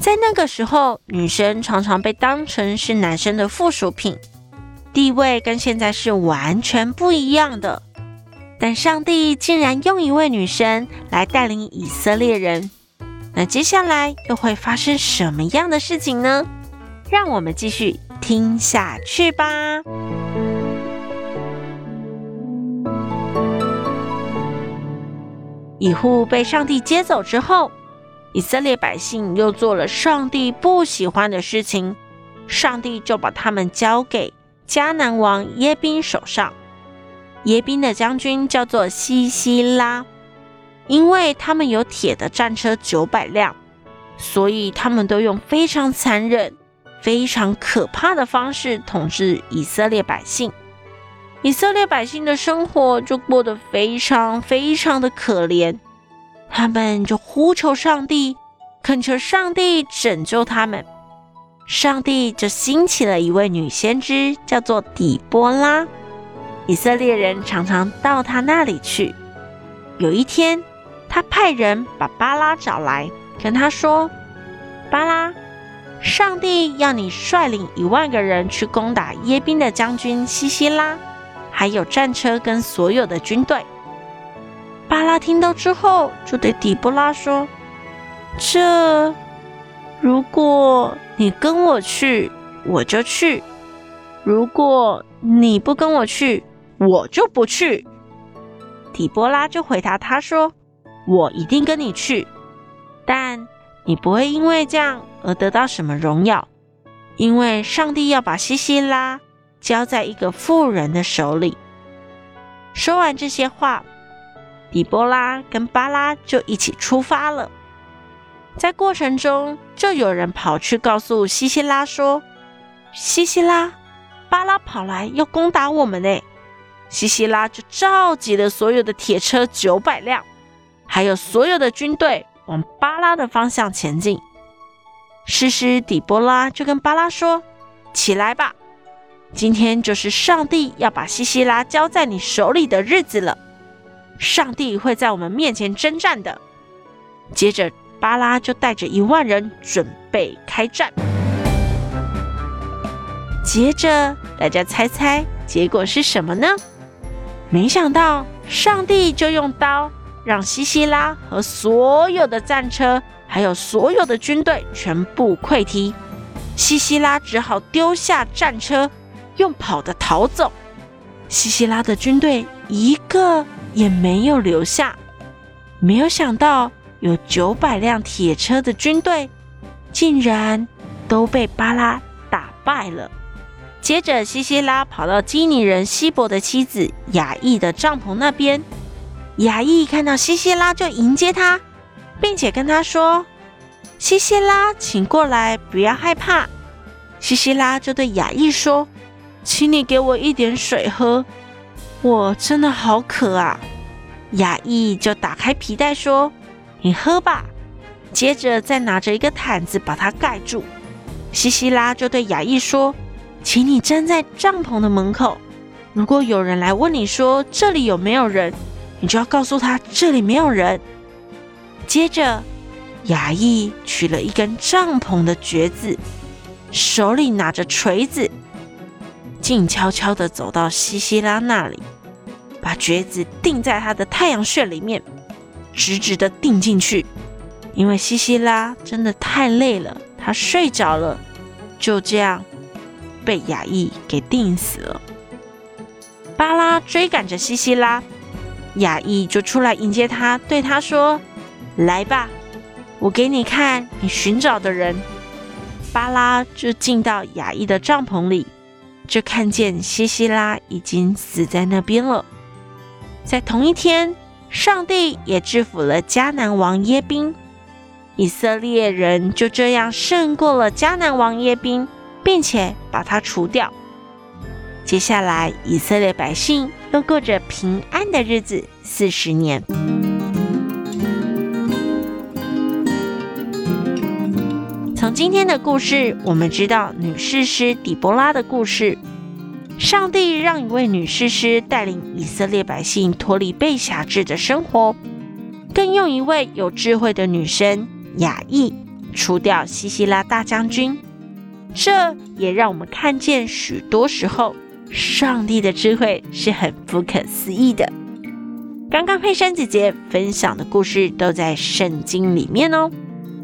在那個時候，女生常常被當成是男生的附屬品，地位跟現在是完全不一樣的。但上帝竟然用一位女生來帶領以色列人，那接下來又會發生什麼樣的事情呢？讓我們繼續聽下去吧。以笏被上帝接走之後。以色列百姓又做了上帝不喜歡的事情，上帝就把他們交給迦南王耶賓手上。耶賓的將軍叫做西西拉，因為他們有鐵的戰車九百輛，所以他們都用非常殘忍、非常可怕的方式統治以色列百姓。以色列百姓的生活就過得非常非常的可憐。他們就呼求上帝，懇求上帝拯救他們。上帝就興起了一位女先知，叫做底波拉。以色列人常常到她那裡去。有一天，他派人把巴拉找來，跟他說：“巴拉，上帝要你率領一萬個人去攻打耶賓的將軍西西拉，還有戰車跟所有的軍隊。”巴拉聽到之後，就對底波拉說：“這，如果你跟我去，我就去；如果你不跟我去，我就不去。”底波拉就回答他說：“我一定跟你去，但你不會因為這樣而得到什麼榮耀，因為上帝要把西西拉交在一個婦人的手裡。”說完這些話。底波拉跟巴拉就一起出發了。在過程中，就有人跑去告訴西西拉說：“西西拉，巴拉跑來要攻打我們呢。”西西拉就召集了所有的鐵車九百輛，還有所有的軍隊，往巴拉的方向前進。士師底波拉就跟巴拉說：“起來吧，今天就是上帝要把西西拉交在你手裡的日子了。”上帝會在我們面前征戰的。接着，巴拉就帶着一萬人準備開戰。接着，大家猜猜結果是什麼呢？沒想到，上帝就用刀讓西西拉和所有的戰車，還有所有的軍隊全部潰退。西西拉只好丟下戰車，用跑的逃走。西西拉的軍隊一個。也沒有留下，沒有想到有九百輛鐵車的軍隊，竟然都被巴拉打敗了。接着，西西拉跑到基尼人希伯的妻子雅億的帳篷那邊，雅億看到西西拉就迎接她，並且跟她說：“西西拉，請過來，不要害怕。”西西拉就對雅億說：“請你給我一點水喝。”我真的好渴啊！雅億就打開皮帶說：“你喝吧。”接着再拿着一個毯子把它蓋住。西西拉就對雅億說：“請你站在帳篷的門口。如果有人來問你說這裡有沒有人，你就要告訴他這裡沒有人。接”接着，雅億取了一根帳篷的橛子，手裡拿着錘子。靜悄悄的走到西西拉那裡，把橛子釘在他的太陽穴裡面，直直的釘進去。因為西西拉真的太累了，他睡着了，就這樣被雅億給釘死了。巴拉追趕着西西拉，雅億就出來迎接他，對他說：“來吧，我給你看你尋找的人。”巴拉就進到雅億的帳篷裡。就看見西西拉已經死在那邊了。在同一天，上帝也制服了迦南王耶賓。以色列人就這樣勝過了迦南王耶賓，並且把他除掉。接下來，以色列百姓又過着平安的日子四十年。今天的故事，我們知道女士師底波拉的故事。上帝讓一位女士師帶領以色列百姓脫離被轄制的生活，更用一位有智慧的女生雅億除掉西西拉大將軍。這也讓我們看見許多時候，上帝的智慧是很不可思議的。剛剛佩珊姐姐分享的故事都在聖經裡面哦。